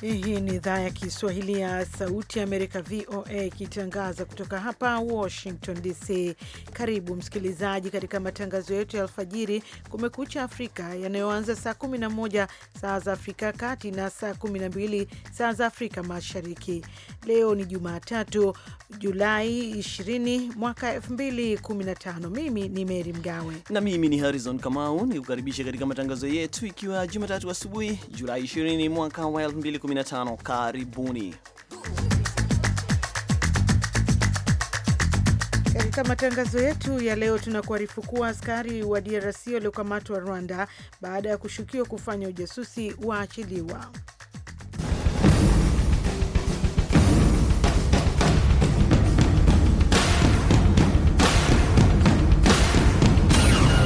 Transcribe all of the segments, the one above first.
Hii ni idhaa ya Kiswahili ya Sauti ya Amerika, VOA, ikitangaza kutoka hapa Washington DC. Karibu msikilizaji katika matangazo yetu ya alfajiri, Kumekucha Afrika, yanayoanza saa 11 saa za Afrika ya Kati na saa 12 saa za Afrika Mashariki. Leo ni Jumatatu, Julai 20 mwaka 2015. Mimi ni Meri Mgawe na mimi ni Harrison Kamau, ni kukaribisha katika matangazo yetu, ikiwa Jumatatu asubuhi, Julai 20 mwaka wa 15. Karibuni katika matangazo yetu ya leo. Tunakuarifu kuwa askari wa DRC waliokamatwa Rwanda baada ya kushukiwa kufanya ujasusi waachiliwa.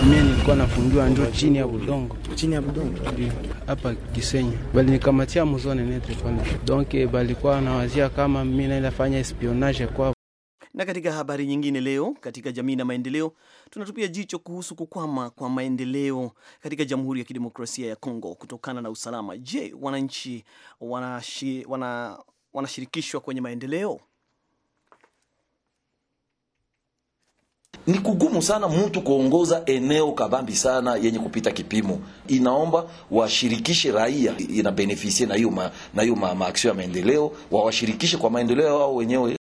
Mimi nilikuwa nafungiwa njoo chini ya budongo, chini ya udongo hapa Kisenya, bali nikamatia muzone nete kwa donc, kwa nawazia kama mimi naenda fanya espionage kwa. Na katika habari nyingine leo katika jamii na maendeleo, tunatupia jicho kuhusu kukwama kwa maendeleo katika Jamhuri ya Kidemokrasia ya Kongo kutokana na usalama. Je, wananchi wanashirikishwa wana, wanashirikishwa kwenye maendeleo? Ni kugumu sana mtu kuongoza eneo kabambi sana yenye kupita kipimo, inaomba washirikishe raia, inabenefisie na hiyo na hiyo maaksio ya maendeleo, wawashirikishe kwa maendeleo yao wenyewe.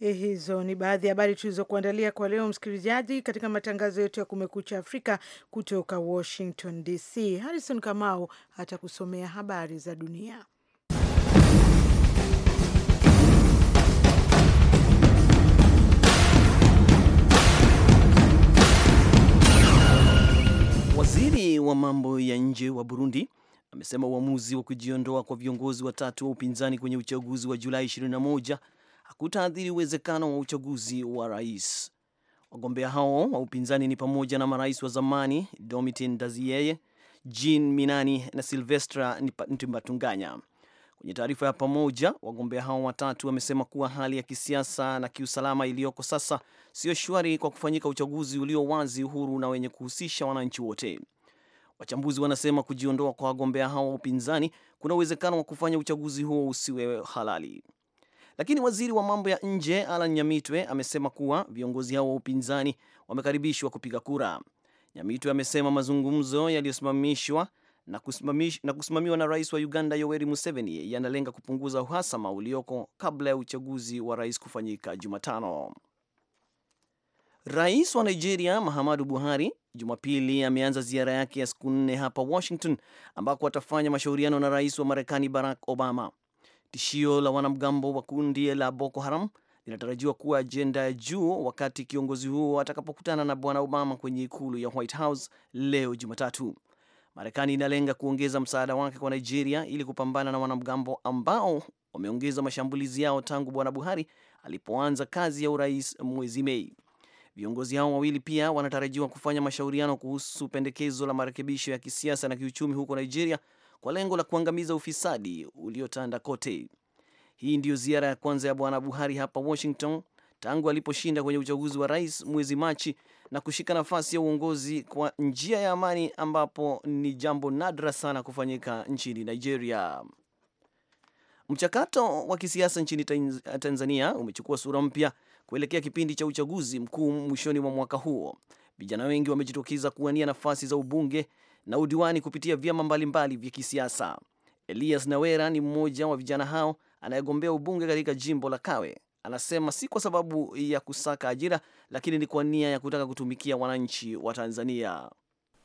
Eh, hizo ni baadhi ya habari tulizokuandalia kwa leo, msikilizaji, katika matangazo yetu ya Kumekucha Afrika kutoka Washington DC. Harrison Kamau atakusomea habari za dunia. Waziri wa mambo ya nje wa Burundi amesema uamuzi wa kujiondoa kwa viongozi watatu wa upinzani kwenye uchaguzi wa Julai 21 hakutaathiri uwezekano wa uchaguzi wa rais. Wagombea hao wa upinzani ni pamoja na marais wa zamani Domitien Daziyeye, Jean Minani na Silvestra Ntimbatunganya. Kwenye taarifa ya pamoja, wagombea hao watatu wamesema kuwa hali ya kisiasa na kiusalama iliyoko sasa sio shwari kwa kufanyika uchaguzi ulio wazi, huru na wenye kuhusisha wananchi wote. Wachambuzi wanasema kujiondoa kwa wagombea hao wa upinzani kuna uwezekano wa kufanya uchaguzi huo usiwe halali. Lakini waziri wa mambo ya nje Alan Nyamitwe amesema kuwa viongozi hao wa upinzani wamekaribishwa kupiga kura. Nyamitwe amesema mazungumzo yaliyosimamishwa na, na kusimamiwa na rais wa Uganda Yoweri Museveni yanalenga kupunguza uhasama ulioko kabla ya uchaguzi wa rais kufanyika Jumatano. Rais wa Nigeria Muhammadu Buhari Jumapili ameanza ziara yake ya siku nne hapa Washington ambako atafanya mashauriano na rais wa Marekani Barack Obama. Tishio la wanamgambo wa kundi la Boko Haram linatarajiwa kuwa ajenda ya juu wakati kiongozi huo atakapokutana na bwana Obama kwenye ikulu ya White House leo Jumatatu. Marekani inalenga kuongeza msaada wake kwa Nigeria ili kupambana na wanamgambo ambao wameongeza mashambulizi yao tangu Bwana Buhari alipoanza kazi ya urais mwezi Mei. Viongozi hao wawili pia wanatarajiwa kufanya mashauriano kuhusu pendekezo la marekebisho ya kisiasa na kiuchumi huko Nigeria kwa lengo la kuangamiza ufisadi uliotanda kote. Hii ndiyo ziara ya kwanza ya Bwana Buhari hapa Washington tangu aliposhinda kwenye uchaguzi wa rais mwezi Machi na kushika nafasi ya uongozi kwa njia ya amani, ambapo ni jambo nadra sana kufanyika nchini Nigeria. Mchakato wa kisiasa nchini Tanzania umechukua sura mpya kuelekea kipindi cha uchaguzi mkuu mwishoni mwa mwaka huo. Vijana wengi wamejitokeza kuwania nafasi za ubunge na udiwani kupitia vyama mbalimbali vya kisiasa. Elias Nawera ni mmoja wa vijana hao anayegombea ubunge katika jimbo la Kawe. Anasema si kwa sababu ya kusaka ajira, lakini ni kwa nia ya kutaka kutumikia wananchi wa Tanzania,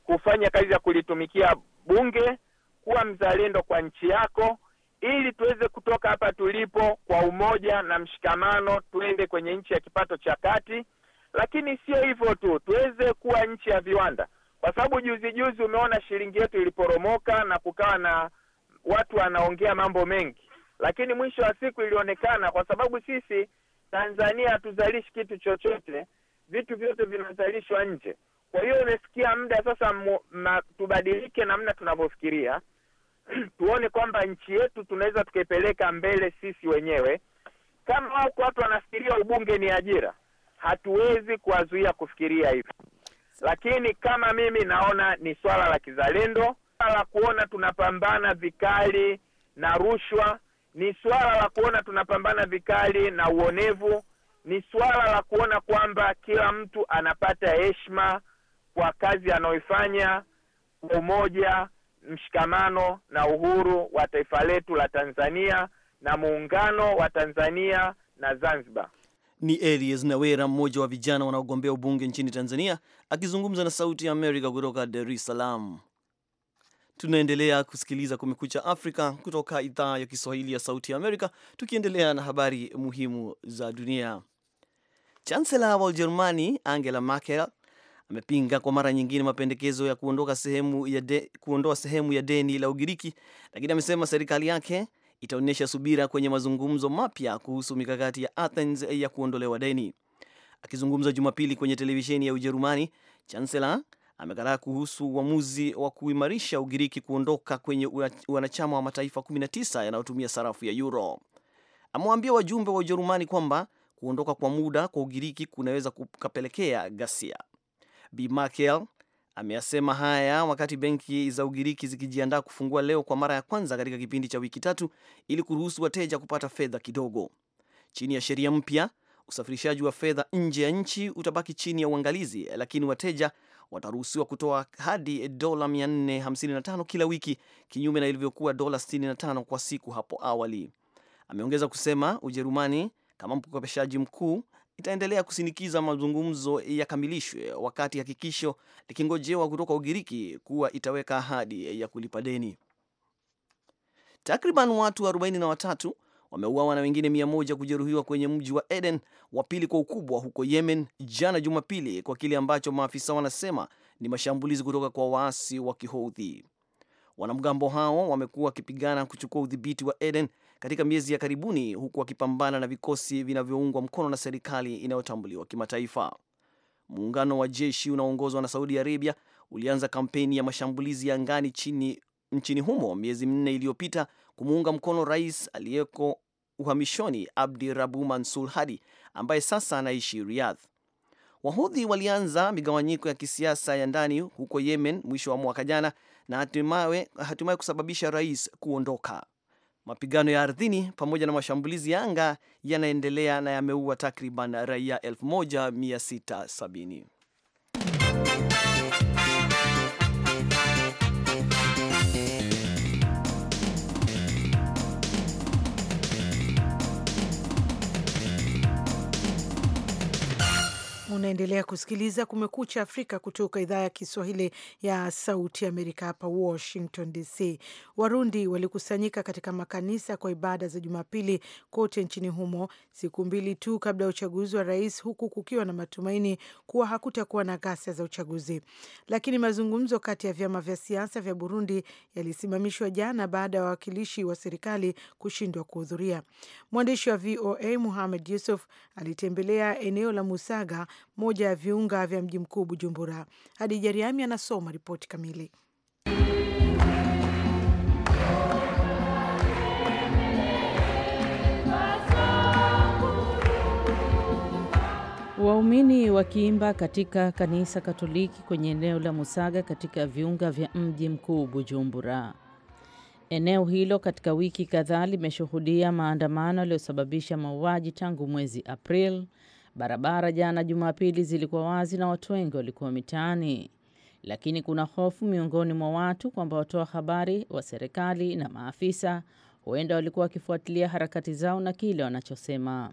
kufanya kazi ya kulitumikia bunge, kuwa mzalendo kwa nchi yako, ili tuweze kutoka hapa tulipo kwa umoja na mshikamano, tuende kwenye nchi ya kipato cha kati. Lakini sio hivyo tu, tuweze kuwa nchi ya viwanda, kwa sababu juzi juzi umeona shilingi yetu iliporomoka na kukawa na watu wanaongea mambo mengi lakini mwisho wa siku ilionekana, kwa sababu sisi Tanzania hatuzalishi kitu chochote, vitu vyote vinazalishwa nje. Kwa hiyo umefikia muda sasa tubadilike namna tunavyofikiria tuone kwamba nchi yetu tunaweza tukaipeleka mbele sisi wenyewe. Kama wako watu wanafikiria ubunge ni ajira, hatuwezi kuwazuia kufikiria hivyo, lakini kama mimi naona ni swala la kizalendo, la kuona tunapambana vikali na rushwa, ni swala la kuona tunapambana vikali na uonevu, ni swala la kuona kwamba kila mtu anapata heshima kwa kazi anayoifanya, umoja, mshikamano na uhuru wa taifa letu la Tanzania na muungano wa Tanzania na Zanzibar. Ni Elias Nawera, mmoja wa vijana wanaogombea ubunge nchini Tanzania, akizungumza na Sauti ya Amerika kutoka Dar es Salaam. Tunaendelea kusikiliza Kumekucha Afrika kutoka idhaa ya Kiswahili ya Sauti ya Amerika, tukiendelea na habari muhimu za dunia. Chansela wa Ujerumani Angela Merkel amepinga kwa mara nyingine mapendekezo ya kuondoka sehemu ya de, kuondoa sehemu ya deni la Ugiriki, lakini amesema serikali yake itaonyesha subira kwenye mazungumzo mapya kuhusu mikakati ya Athens ya kuondolewa deni. Akizungumza Jumapili kwenye televisheni ya Ujerumani, Chansela amekataa kuhusu uamuzi wa kuimarisha Ugiriki kuondoka kwenye wanachama wa mataifa 19 yanayotumia sarafu ya euro. Amewaambia wajumbe wa Ujerumani kwamba kuondoka kwa muda kwa Ugiriki kunaweza kukapelekea ghasia. Bi Merkel ameyasema haya wakati benki za Ugiriki zikijiandaa kufungua leo kwa mara ya kwanza katika kipindi cha wiki tatu ili kuruhusu wateja kupata fedha kidogo. Chini ya sheria mpya, usafirishaji wa fedha nje ya nchi utabaki chini ya uangalizi, lakini wateja wataruhusiwa kutoa hadi dola 455 kila wiki, kinyume na ilivyokuwa dola 65 kwa siku hapo awali. Ameongeza kusema Ujerumani kama mkopeshaji mkuu itaendelea kusinikiza mazungumzo yakamilishwe, wakati hakikisho likingojewa kutoka Ugiriki kuwa itaweka ahadi ya kulipa deni. Takriban watu 43 wameuawa na wengine mia moja kujeruhiwa kwenye mji wa Eden wa pili kwa ukubwa huko Yemen jana Jumapili, kwa kile ambacho maafisa wanasema ni mashambulizi kutoka kwa waasi wa Kihoudhi. Wanamgambo hao wamekuwa wakipigana kuchukua udhibiti wa Eden katika miezi ya karibuni, huku wakipambana na vikosi vinavyoungwa mkono na serikali inayotambuliwa kimataifa. Muungano wa jeshi unaoongozwa na Saudi Arabia ulianza kampeni ya mashambulizi ya angani chini nchini humo miezi minne iliyopita kumuunga mkono rais aliyeko uhamishoni Abdi Rabu Mansul Hadi ambaye sasa anaishi Riyadh. Wahudhi walianza migawanyiko ya kisiasa ya ndani huko Yemen mwisho wa mwaka jana na hatimaye hatimaye kusababisha rais kuondoka. Mapigano ya ardhini pamoja na mashambulizi ya anga yanaendelea na yameua takriban raia 1670. Unaendelea kusikiliza Kumekucha Afrika kutoka idhaa ya Kiswahili ya Sauti Amerika, hapa Washington DC. Warundi walikusanyika katika makanisa kwa ibada za Jumapili kote nchini humo, siku mbili tu kabla ya uchaguzi wa rais, huku kukiwa na matumaini kuwa hakutakuwa na ghasia za uchaguzi. Lakini mazungumzo kati ya vyama vya siasa vya Burundi yalisimamishwa jana baada ya wawakilishi wa serikali kushindwa kuhudhuria. Mwandishi wa VOA Muhamed Yusuf alitembelea eneo la Musaga moja ya viunga vya mji mkuu Bujumbura. Hadija Riami anasoma ripoti kamili. Waumini wakiimba katika kanisa Katoliki kwenye eneo la Musaga katika viunga vya mji mkuu Bujumbura. Eneo hilo katika wiki kadhaa limeshuhudia maandamano yaliyosababisha mauaji tangu mwezi Aprili Barabara jana Jumapili zilikuwa wazi na watu wengi walikuwa mitaani, lakini kuna hofu miongoni mwa watu kwamba watoa habari wa serikali na maafisa huenda walikuwa wakifuatilia harakati zao na kile wanachosema.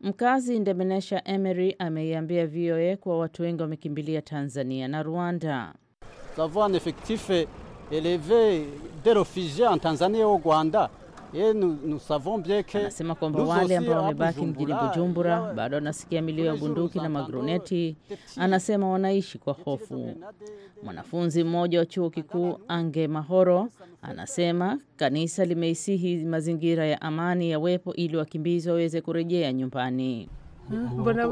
Mkazi Ndemenesha Emery ameiambia VOA kuwa watu wengi wamekimbilia Tanzania na Rwanda. Tavoa un effectif élevé de en au Rwanda. Eh, anasema kwamba wale ambao ah, wamebaki mjini Bujumbura eh, bado wanasikia milio ya bunduki na magroneti. Anasema wanaishi kwa hofu. Mwanafunzi mmoja wa chuo kikuu Ange Mahoro anasema kanisa limeisihi mazingira ya amani yawepo ili wakimbizi waweze kurejea nyumbani. mbona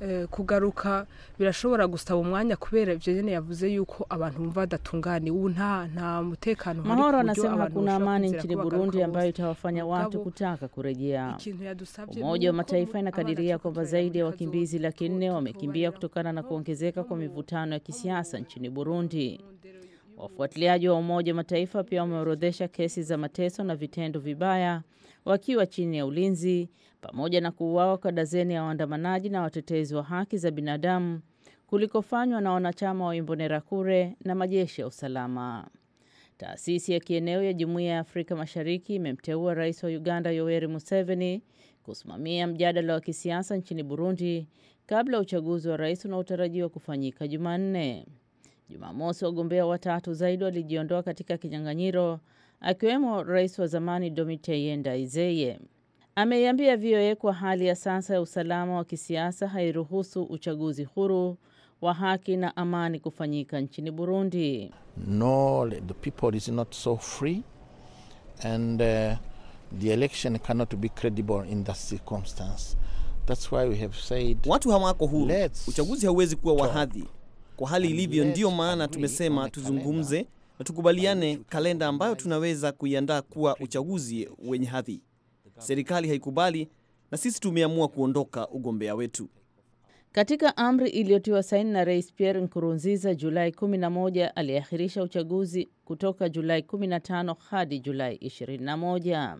Eh, kugaruka birashobora gusaba umwanya kubera ibyo nyine yavuze yuko abantu bumva badatungani ubu nta nta mutekano Mahoro anasema hakuna amani nchini Burundi ambayo itawafanya watu kutaka kurejea. Umoja wa Mataifa inakadiria kwamba zaidi ya wakimbizi laki nne wamekimbia kutokana na kuongezeka kwa mivutano ya kisiasa nchini Burundi. Wafuatiliaji wa Umoja wa Mataifa pia wameorodhesha kesi za mateso na vitendo vibaya wakiwa chini ya ulinzi pamoja na kuuawa kwa dazeni ya waandamanaji na watetezi wa haki za binadamu kulikofanywa na wanachama wa Imbonerakure na majeshi ya usalama. Taasisi ya kieneo ya Jumuiya ya Afrika Mashariki imemteua Rais wa Uganda Yoweri Museveni kusimamia mjadala wa kisiasa nchini Burundi kabla ya uchaguzi wa rais unaotarajiwa kufanyika Jumanne. Jumamosi, wagombea watatu zaidi walijiondoa katika kinyang'anyiro akiwemo rais wa zamani Domitien Ndayizeye. Ameiambia VOA kwa hali ya sasa ya usalama wa kisiasa hairuhusu uchaguzi huru wa haki na amani kufanyika nchini Burundi. No, the people is not so free and uh, the election cannot be credible in that circumstance. That's why we have said watu hawako huru, uchaguzi hauwezi kuwa wa hadhi kwa hali ilivyo. Ndiyo maana tumesema tuzungumze na tukubaliane kalenda ambayo tunaweza kuiandaa kuwa uchaguzi wenye hadhi. Serikali haikubali na sisi tumeamua kuondoka ugombea wetu. Katika amri iliyotiwa saini na Rais Pierre Nkurunziza Julai 11, aliahirisha uchaguzi kutoka Julai 15 hadi Julai 21.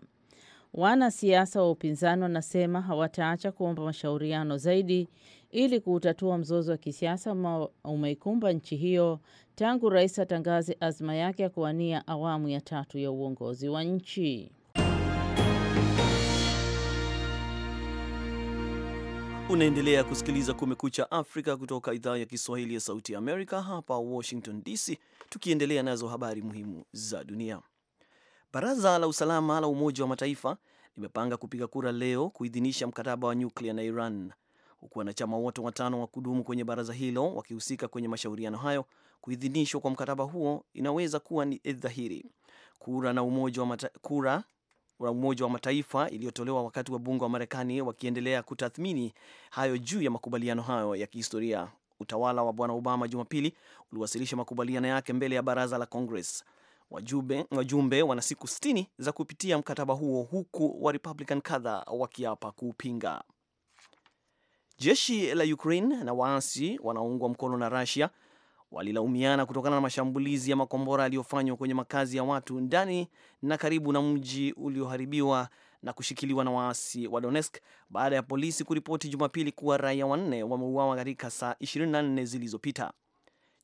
Wanasiasa wa upinzani wanasema hawataacha kuomba mashauriano zaidi ili kuutatua mzozo wa kisiasa ambao umeikumba nchi hiyo tangu rais atangaze azma yake ya kuwania awamu ya tatu ya uongozi wa nchi. Unaendelea kusikiliza Kumekucha Afrika kutoka idhaa ya Kiswahili ya Sauti ya Amerika hapa Washington DC, tukiendelea nazo habari muhimu za dunia. Baraza la Usalama la Umoja wa Mataifa limepanga kupiga kura leo kuidhinisha mkataba wa nyuklia na Iran huku wanachama wote watano wa kudumu kwenye baraza hilo wakihusika kwenye mashauriano hayo. Kuidhinishwa kwa mkataba huo inaweza kuwa ni dhahiri kura na Umoja wa mata, kura wa Umoja wa Mataifa iliyotolewa wakati wabunge wa Marekani wakiendelea kutathmini hayo juu ya makubaliano hayo ya kihistoria. Utawala wa Bwana Obama Jumapili uliwasilisha makubaliano yake mbele ya baraza la Congress. Wajumbe, wajumbe wana siku 60 za kupitia mkataba huo huku wa Republican wakiapa kuupinga. Jeshi la Ukraine na waasi wanaoungwa mkono na Russia walilaumiana kutokana na mashambulizi ya makombora yaliyofanywa kwenye makazi ya watu ndani na karibu na mji ulioharibiwa na kushikiliwa na waasi wa Donetsk baada ya polisi kuripoti Jumapili kuwa raia wanne wameuawa katika saa 24 zilizopita.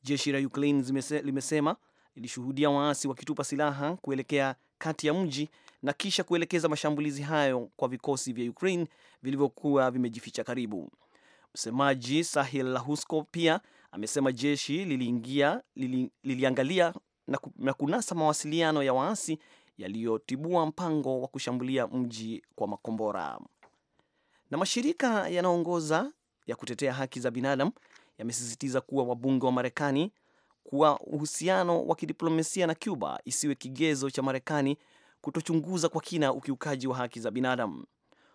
Jeshi la Ukraine limesema lilishuhudia waasi wakitupa silaha kuelekea kati ya mji na kisha kuelekeza mashambulizi hayo kwa vikosi vya Ukraine vilivyokuwa vimejificha karibu. Msemaji Sahil Lahusko pia amesema jeshi liliingia, lili, liliangalia na, na kunasa mawasiliano ya waasi yaliyotibua mpango wa kushambulia mji kwa makombora. Na mashirika yanaongoza ya kutetea haki za binadamu yamesisitiza kuwa wabunge wa Marekani kuwa uhusiano wa kidiplomasia na Cuba isiwe kigezo cha Marekani kutochunguza kwa kina ukiukaji wa haki za binadamu.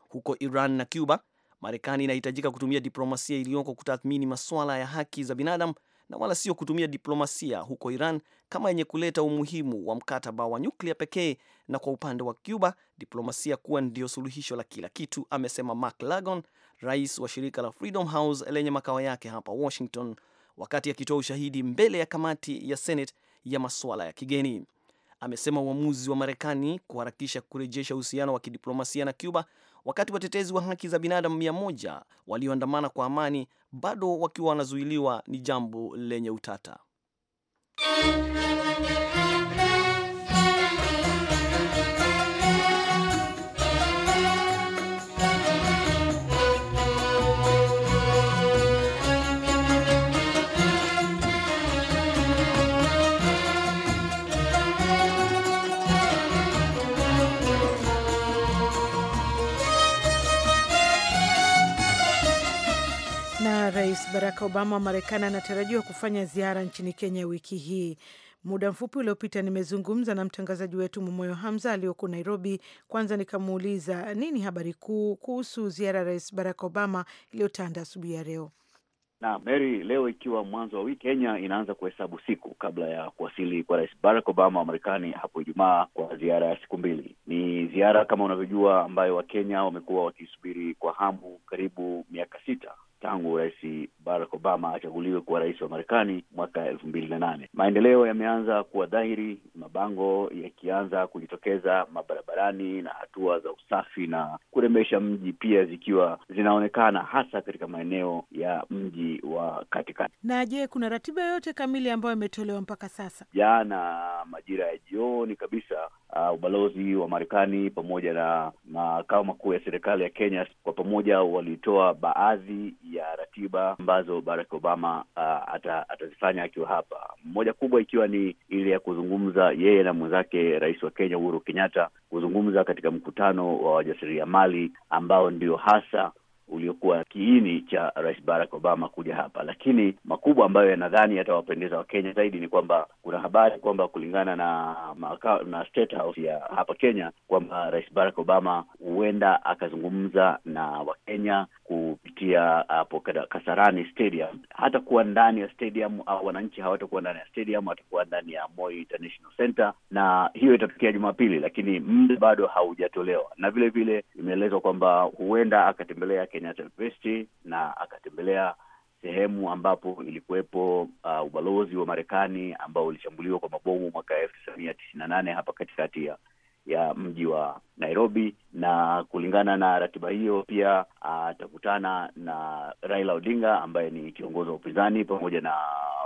Huko Iran na Cuba Marekani inahitajika kutumia diplomasia iliyoko kutathmini masuala ya haki za binadamu na wala sio kutumia diplomasia huko Iran kama yenye kuleta umuhimu wa mkataba wa nyuklia pekee, na kwa upande wa Cuba diplomasia kuwa ndio suluhisho la kila kitu, amesema Mark Lagon, rais wa shirika la Freedom House lenye makao yake hapa Washington, wakati akitoa ushahidi mbele ya kamati ya Senate ya masuala ya kigeni. Amesema uamuzi wa Marekani kuharakisha kurejesha uhusiano wa kidiplomasia na Cuba wakati watetezi wa haki za binadamu mia moja walioandamana kwa amani bado wakiwa wanazuiliwa ni jambo lenye utata. Rais Barack Obama wa Marekani anatarajiwa kufanya ziara nchini Kenya wiki hii. Muda mfupi uliopita nimezungumza na mtangazaji wetu Mumoyo Hamza aliyoko Nairobi. Kwanza nikamuuliza nini habari kuu kuhusu ziara ya Rais Barack Obama iliyotanda asubuhi ya leo. Na Mary, leo ikiwa mwanzo wa wiki, Kenya inaanza kuhesabu siku kabla ya kuwasili kwa Rais Barack Obama wa Marekani hapo Ijumaa kwa ziara ya siku mbili. Ni ziara kama unavyojua, ambayo Wakenya wamekuwa wakisubiri kwa hamu karibu miaka sita tangu Rais Barack Obama achaguliwe kuwa rais wa Marekani mwaka elfu mbili na nane. Maendeleo yameanza kuwa dhahiri, mabango yakianza kujitokeza mabarabarani na hatua za usafi na kurembesha mji pia zikiwa zinaonekana hasa katika maeneo ya mji wa katikati. Na je, kuna ratiba yoyote kamili ambayo imetolewa mpaka sasa? Jana majira ya jioni kabisa uh, ubalozi wa Marekani pamoja na makao makuu ya serikali ya Kenya kwa pamoja walitoa baadhi ya ratiba ambazo Barack Obama uh, ata, atazifanya akiwa hapa, moja kubwa ikiwa ni ile ya kuzungumza yeye na mwenzake rais wa Kenya Uhuru Kenyatta, kuzungumza katika mkutano wa wajasiriamali ambao ndio hasa uliokuwa kiini cha Rais Barack Obama kuja hapa. Lakini makubwa ambayo yanadhani yatawapendeza Wakenya zaidi ni kwamba kuna habari kwamba kulingana na maka, na State House ya hapa Kenya kwamba Rais Barack Obama huenda akazungumza na Wakenya kupitia hapo Kasarani Stadium. Hatakuwa ndani ya stadium au wananchi hawatakuwa ndani ya stadium, atakuwa ndani ya Moi International Center, na hiyo itatokea Jumapili, lakini muda bado haujatolewa, na vile vile imeelezwa kwamba huenda akatembelea Kenya Kenyatta University na akatembelea sehemu ambapo ilikuwepo uh, ubalozi wa Marekani ambao ulishambuliwa kwa mabomu mwaka elfu tisa mia tisini na nane hapa katikati ya ya mji wa Nairobi, na kulingana na ratiba hiyo pia ah, atakutana na Raila Odinga ambaye ni kiongozi wa upinzani pamoja na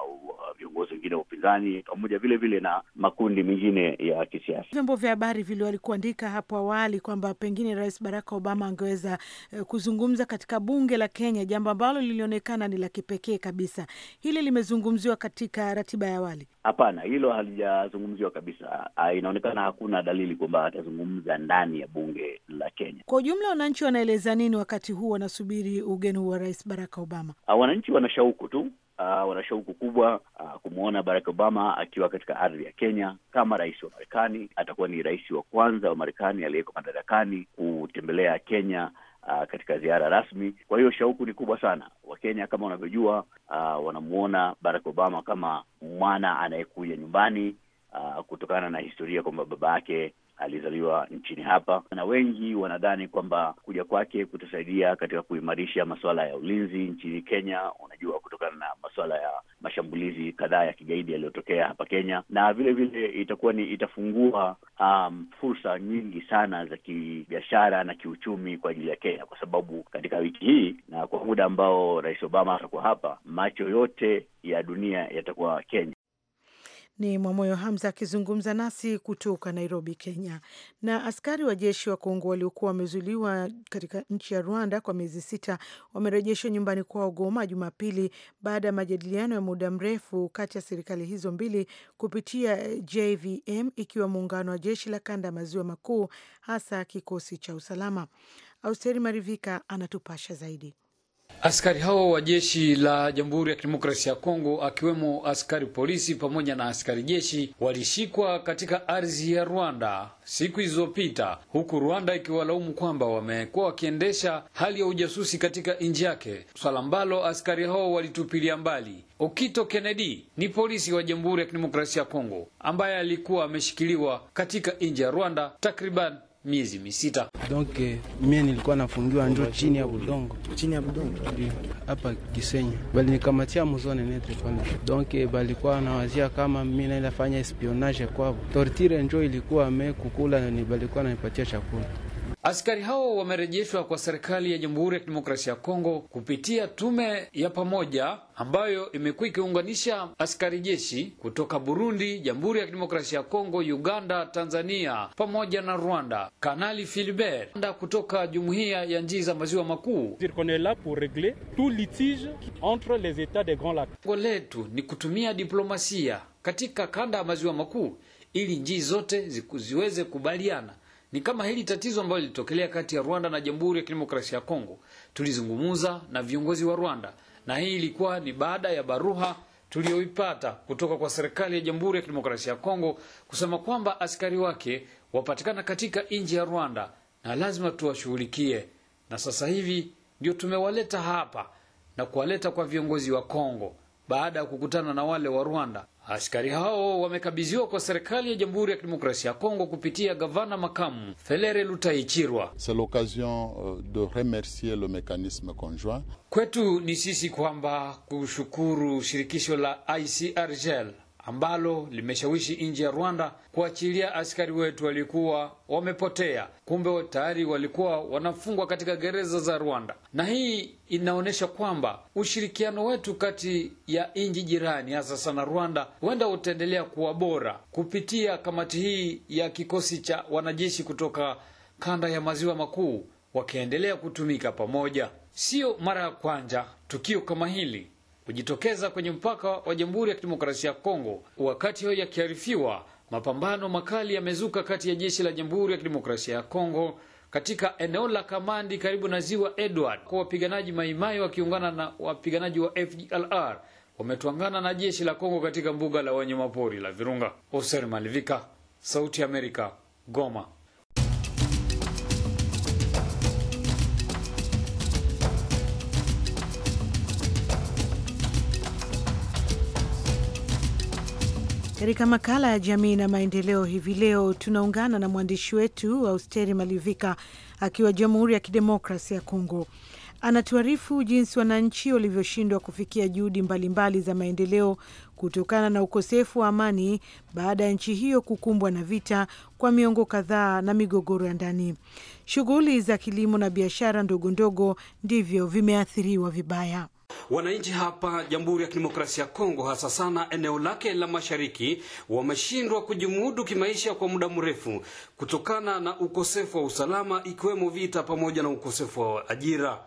uh, viongozi wengine wa upinzani pamoja vile vile na makundi mengine ya kisiasa. Vyombo vya habari vilialikuandika walikuandika hapo awali kwamba pengine Rais Barack Obama angeweza eh, kuzungumza katika bunge la Kenya, jambo ambalo lilionekana ni la kipekee kabisa. Hili limezungumziwa katika ratiba ya awali Hapana, hilo halijazungumziwa kabisa. Ah, inaonekana hakuna dalili kwamba atazungumza ndani ya bunge la Kenya. Kwa ujumla, wananchi wanaeleza nini wakati huu wanasubiri ugeni wa Rais Barack Obama? Ah, wananchi wana shauku tu, ah, wana shauku kubwa kumwona Barack Obama akiwa katika ardhi ya Kenya kama rais wa Marekani. Atakuwa ni rais wa kwanza wa Marekani aliyeko madarakani kutembelea Kenya uh, katika ziara rasmi. Kwa hiyo shauku ni kubwa sana. Wakenya kama wanavyojua, uh, wanamwona Barack Obama kama mwana anayekuja nyumbani uh, kutokana na historia kwamba baba yake alizaliwa nchini hapa, na wengi wanadhani kwamba kuja kwake kutasaidia katika kuimarisha masuala ya ulinzi nchini Kenya. Unajua, kutokana na masuala ya mashambulizi kadhaa ya kigaidi yaliyotokea hapa Kenya, na vile vile itakuwa ni itafungua um, fursa nyingi sana za kibiashara na kiuchumi kwa ajili ya Kenya, kwa sababu katika wiki hii na kwa muda ambao Rais Obama atakuwa hapa, macho yote ya dunia yatakuwa Kenya. Ni Mwamoyo Hamza akizungumza nasi kutoka Nairobi, Kenya. Na askari wa jeshi wa Kongo waliokuwa wamezuiliwa katika nchi ya Rwanda kwa miezi sita wamerejeshwa nyumbani kwao Goma Jumapili baada ya majadiliano ya muda mrefu kati ya serikali hizo mbili kupitia JVM, ikiwa muungano wa jeshi la kanda ya maziwa makuu, hasa kikosi cha usalama. Austeri Marivika anatupasha zaidi. Askari hao wa jeshi la Jamhuri ya Kidemokrasia ya Kongo akiwemo askari polisi pamoja na askari jeshi walishikwa katika ardhi ya Rwanda siku ilizopita, huku Rwanda ikiwalaumu kwamba wamekuwa wakiendesha hali ya ujasusi katika nchi yake, swala ambalo askari hao walitupilia mbali. Okito Kennedy ni polisi wa Jamhuri ya Kidemokrasia ya Kongo ambaye alikuwa ameshikiliwa katika nchi ya Rwanda takriban miezi misita. Donc eh, mie nilikuwa nafungiwa njo chini ya budongo, chini ya budongo hapa Kisenyi, bali nikamatia muzone nete pale. Donc eh, balikuwa nawazia kama mimi naenda fanya espionage kwavo tortire njo ilikuwa me kukula ni balikuwa nanipatia chakula Askari hao wamerejeshwa kwa serikali ya Jamhuri ya Kidemokrasia ya Kongo kupitia tume ya pamoja ambayo imekuwa ikiunganisha askari jeshi kutoka Burundi, Jamhuri ya Kidemokrasia ya Kongo, Uganda, Tanzania pamoja na Rwanda. Kanali Philibert Anda kutoka Jumuiya ya njii za Maziwa Makuu. Lengo letu ni kutumia diplomasia katika kanda ya Maziwa Makuu ili njii zote ziweze kubaliana ni kama hili tatizo ambalo lilitokelea kati ya Rwanda na Jamhuri ya Kidemokrasia ya Kongo. Tulizungumza na viongozi wa Rwanda, na hii ilikuwa ni baada ya baruha tuliyoipata kutoka kwa serikali ya Jamhuri ya Kidemokrasia ya Kongo kusema kwamba askari wake wapatikana katika nchi ya Rwanda na lazima tuwashughulikie, na sasa hivi ndio tumewaleta hapa na kuwaleta kwa viongozi wa Kongo baada ya kukutana na wale wa Rwanda. Askari hao wamekabidhiwa kwa serikali ya Jamhuri ya Kidemokrasia ya Kongo kupitia gavana makamu Felere Lutaichirwa. C'est l'occasion euh, de remercier le mécanisme conjoint. Kwetu ni sisi kwamba kushukuru shirikisho la ICRGL ambalo limeshawishi nchi ya Rwanda kuachilia askari wetu walikuwa wamepotea, kumbe tayari walikuwa wanafungwa katika gereza za Rwanda. Na hii inaonyesha kwamba ushirikiano wetu kati ya nchi jirani, hasa sana Rwanda, huenda utaendelea kuwa bora kupitia kamati hii ya kikosi cha wanajeshi kutoka kanda ya maziwa makuu wakiendelea kutumika pamoja. Sio mara ya kwanza tukio kama hili kujitokeza kwenye mpaka wa Jamhuri ya Kidemokrasia ya Kongo. Wakati hayo yakiarifiwa, mapambano makali yamezuka kati ya jeshi la Jamhuri ya Kidemokrasia ya Kongo katika eneo la Kamandi karibu na ziwa Edward, kwa wapiganaji Maimai wakiungana na wapiganaji wa FDLR wametwangana na jeshi la Kongo katika mbuga la wanyamapori la Virunga. Oser Malivika, Sauti ya Amerika, Goma. Katika makala ya jamii na maendeleo hivi leo tunaungana na mwandishi wetu Austeri Malivika akiwa Jamhuri ya Kidemokrasi ya Kongo. Anatuarifu jinsi wananchi walivyoshindwa kufikia juhudi mbalimbali za maendeleo kutokana na ukosefu wa amani baada ya nchi hiyo kukumbwa na vita kwa miongo kadhaa na migogoro ya ndani. Shughuli za kilimo na biashara ndogo ndogo ndivyo vimeathiriwa vibaya. Wananchi hapa Jamhuri ya Kidemokrasia ya Kongo, hasa sana eneo lake la mashariki, wameshindwa kujimudu kimaisha kwa muda mrefu kutokana na ukosefu wa usalama, ikiwemo vita pamoja na ukosefu wa ajira.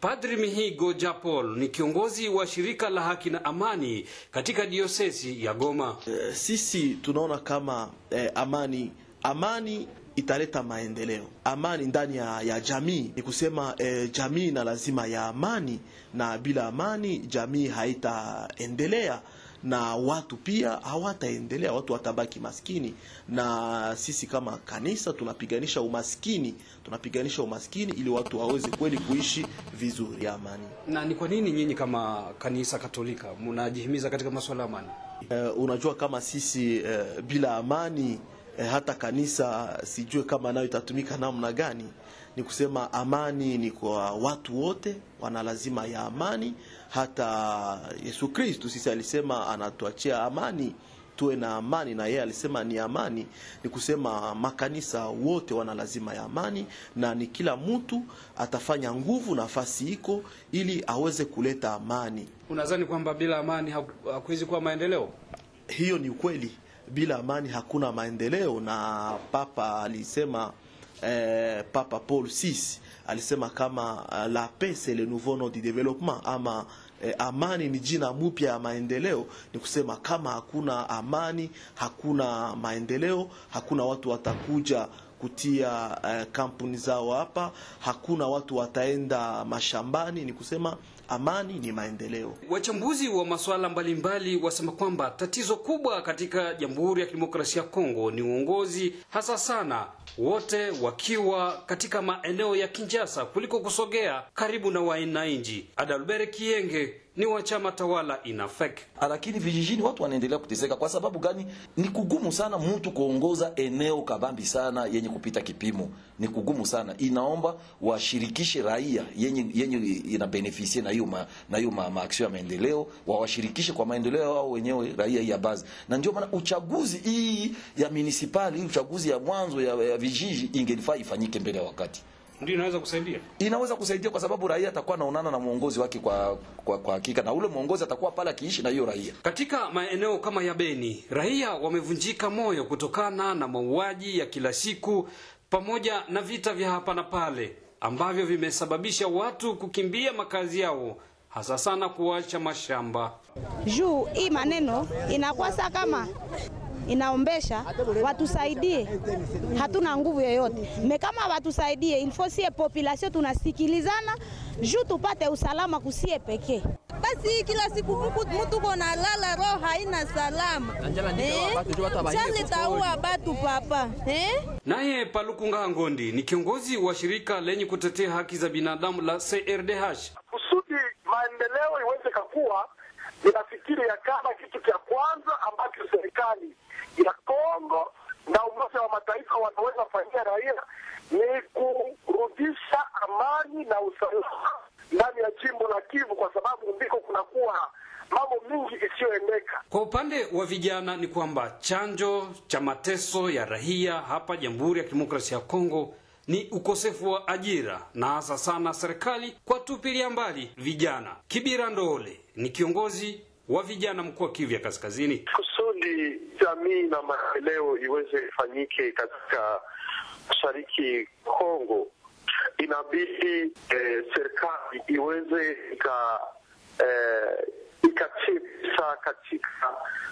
Padri Mihigo Japol ni kiongozi wa shirika la haki na amani katika diosesi ya Goma. Eh, sisi tunaona kama eh, amani amani italeta maendeleo. Amani ndani ya, ya jamii ni kusema eh, jamii na lazima ya amani, na bila amani jamii haitaendelea na watu pia hawataendelea, watu watabaki maskini. Na sisi kama kanisa tunapiganisha umaskini, tunapiganisha umaskini ili watu waweze kweli kuishi vizuri ya amani. Na ni kwa nini nyinyi kama kanisa Katolika mnajihimiza katika masuala ya amani? Eh, unajua kama sisi eh, bila amani e, hata kanisa sijue kama nayo itatumika namna gani. Ni kusema amani ni kwa watu wote, wana lazima ya amani. Hata Yesu Kristu sisi alisema anatuachia amani, tuwe na amani na yeye alisema ni amani. Ni kusema makanisa wote wana lazima ya amani, na ni kila mtu atafanya nguvu nafasi iko ili aweze kuleta amani. Unadhani kwamba bila amani hakuwezi kuwa maendeleo? Hiyo ni ukweli bila amani hakuna maendeleo. Na papa alisema eh, Papa Paul VI alisema kama eh, la paix c'est le nouveau nom du développement ama eh, amani ni jina mupya ya maendeleo. Ni kusema kama hakuna amani, hakuna maendeleo, hakuna watu watakuja kutia eh, kampuni zao hapa. Hakuna watu wataenda mashambani, ni kusema amani ni maendeleo. Wachambuzi wa masuala mbalimbali wasema kwamba tatizo kubwa katika Jamhuri ya Kidemokrasia ya Kongo ni uongozi, hasa sana wote wakiwa katika maeneo ya Kinshasa kuliko kusogea karibu na wananchi. Adalbert Kienge ni wa chama tawala Inafek. Ah, lakini vijijini watu wanaendelea kuteseka. Kwa sababu gani? Ni kugumu sana mtu kuongoza eneo kabambi sana yenye kupita kipimo, ni kugumu sana. Inaomba washirikishe raia yenye yenye inabenefisie na hiyo na hiyo maaksio ya maendeleo, wawashirikishe kwa maendeleo yao wenyewe raia ya bazi, na ndio maana uchaguzi hii ya munisipali, uchaguzi ya mwanzo ya, ya vijiji ingefaa ifanyike mbele ya wakati ndio inaweza kusaidia, inaweza kusaidia kwa sababu raia atakuwa anaonana na mwongozi wake kwa kwa, kwa hakika, na ule mwongozi atakuwa pale akiishi na hiyo raia. Katika maeneo kama ya Beni, raia wamevunjika moyo kutokana na mauaji ya kila siku pamoja na vita vya hapa na pale ambavyo vimesababisha watu kukimbia makazi yao hasa sana kuacha mashamba. Juu hii maneno inakuwa kama inaombesha watusaidie, hatuna nguvu yoyote. Me kama watusaidie ilfosie population, tunasikilizana juu tupate usalama kusie pekee basi kila siku mtu kona lala roho haina salama chale eh? taua batu papa eh? Naye Palukunga Ngondi ni kiongozi wa shirika lenye kutetea haki za binadamu la CRDH. Kusudi maendeleo iweze kakuwa, ninafikiri ya kama kitu cha kwanza ambacho serikali ya Kongo na Umoja wa Mataifa wanaweza fanyia raia ni kurudisha amani na usalama ndani ya jimbo la Kivu, kwa sababu ndiko kunakuwa mambo mingi isiyoendeka. Kwa upande wa vijana ni kwamba chanjo cha mateso ya raia hapa Jamhuri ya Kidemokrasia ya Kongo ni ukosefu wa ajira na hasa sana serikali kwa tupilia mbali vijana. Kibira Ndole ni kiongozi wa vijana mkoa Kivu ya Kaskazini Kusu ili jamii na maendeleo iweze ifanyike katika mashariki Kongo, inabidi eh, serikali iweze ika eh, ikatie katika katika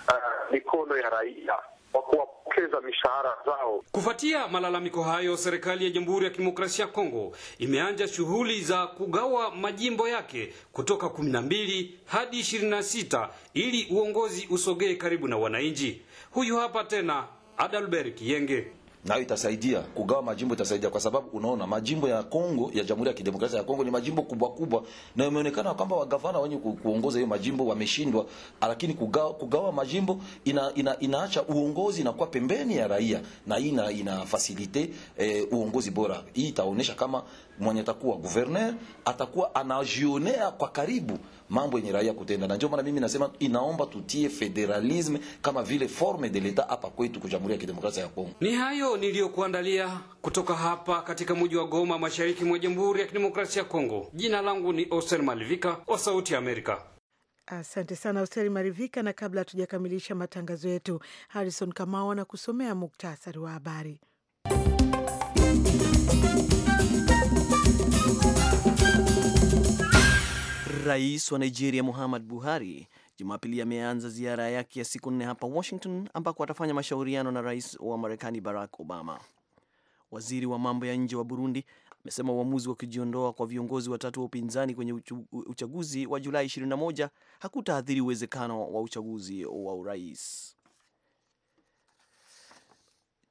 uh, eh, mikono ya raia wa kuwapokeza mishahara zao. Kufuatia malalamiko hayo, serikali ya Jamhuri ya Kidemokrasia ya Kongo imeanza shughuli za kugawa majimbo yake kutoka kumi na mbili hadi ishirini na sita ili uongozi usogee karibu na wananchi. Huyu hapa tena Adalbert Kiyenge nayo itasaidia kugawa majimbo, itasaidia kwa sababu unaona majimbo ya Kongo ya Jamhuri ya Kidemokrasia ya Kongo ni majimbo kubwa kubwa, na imeonekana kwamba wagavana wenye kuongoza hiyo majimbo wameshindwa, lakini kugawa, kugawa majimbo ina, ina, inaacha uongozi inakuwa pembeni ya raia, na hii ina, ina fasilite eh, uongozi bora. Hii itaonesha kama mwenye atakuwa governor atakuwa anajionea kwa karibu mambo yenye raia kutenda, na ndio maana mimi nasema inaomba tutie federalism kama vile forme de l'etat hapa kwetu kwa Jamhuri ya Kidemokrasia ya Kongo. Ni hayo niliyokuandalia kutoka hapa katika mji wa Goma, mashariki mwa Jamhuri ya Kidemokrasia ya Kongo. Jina langu ni Osen Malivika wa Sauti ya Amerika. Asante sana Austeri Marivika, na kabla hatujakamilisha matangazo yetu, Harrison Kamau anakusomea muktasari wa habari. Rais wa Nigeria Muhammad Buhari Jumapili ameanza ziara yake ya siku nne hapa Washington, ambako atafanya mashauriano na rais wa Marekani Barack Obama. Waziri wa mambo ya nje wa Burundi amesema uamuzi wa kujiondoa kwa viongozi watatu wa upinzani kwenye uchaguzi wa Julai 21 hakutaathiri uwezekano wa uchaguzi wa urais.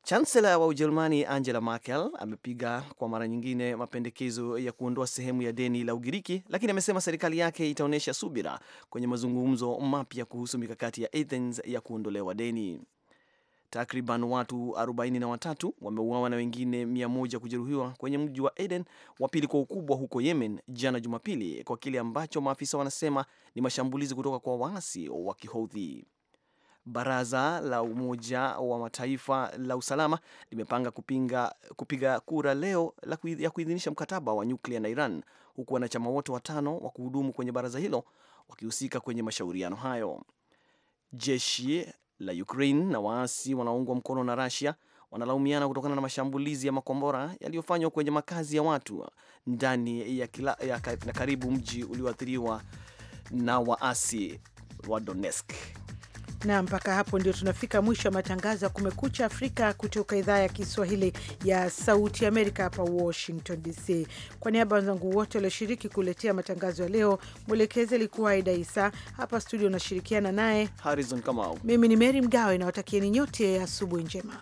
Chansela wa Ujerumani Angela Merkel amepiga kwa mara nyingine mapendekezo ya kuondoa sehemu ya deni la Ugiriki, lakini amesema serikali yake itaonyesha subira kwenye mazungumzo mapya kuhusu mikakati ya Athens ya kuondolewa deni. Takriban watu 43 wameuawa na wengine 100 kujeruhiwa kwenye mji wa Aden wa pili kwa ukubwa huko Yemen jana Jumapili, kwa kile ambacho maafisa wanasema ni mashambulizi kutoka kwa waasi wa Kihoudhi. Baraza la Umoja wa Mataifa la usalama limepanga kupinga, kupiga kura leo ya kuidhinisha mkataba wa nyuklia na Iran, huku wanachama wote watano wa kuhudumu kwenye baraza hilo wakihusika kwenye mashauriano hayo. Jeshi la Ukraine na waasi wanaoungwa mkono na Russia wanalaumiana kutokana na mashambulizi ya makombora yaliyofanywa kwenye makazi ya watu ndani ya, kila, ya karibu mji ulioathiriwa na waasi wa Donetsk na mpaka hapo ndio tunafika mwisho wa matangazo ya Kumekucha Afrika kutoka idhaa ya Kiswahili ya Sauti Amerika hapa Washington DC. Kwa niaba ya wenzangu wote walioshiriki kuletea matangazo ya leo, mwelekezi alikuwa Aida Isa, hapa studio unashirikiana naye Harrison Kamau. Mimi ni Mary Mgawe, nawatakieni nyote asubuhi njema.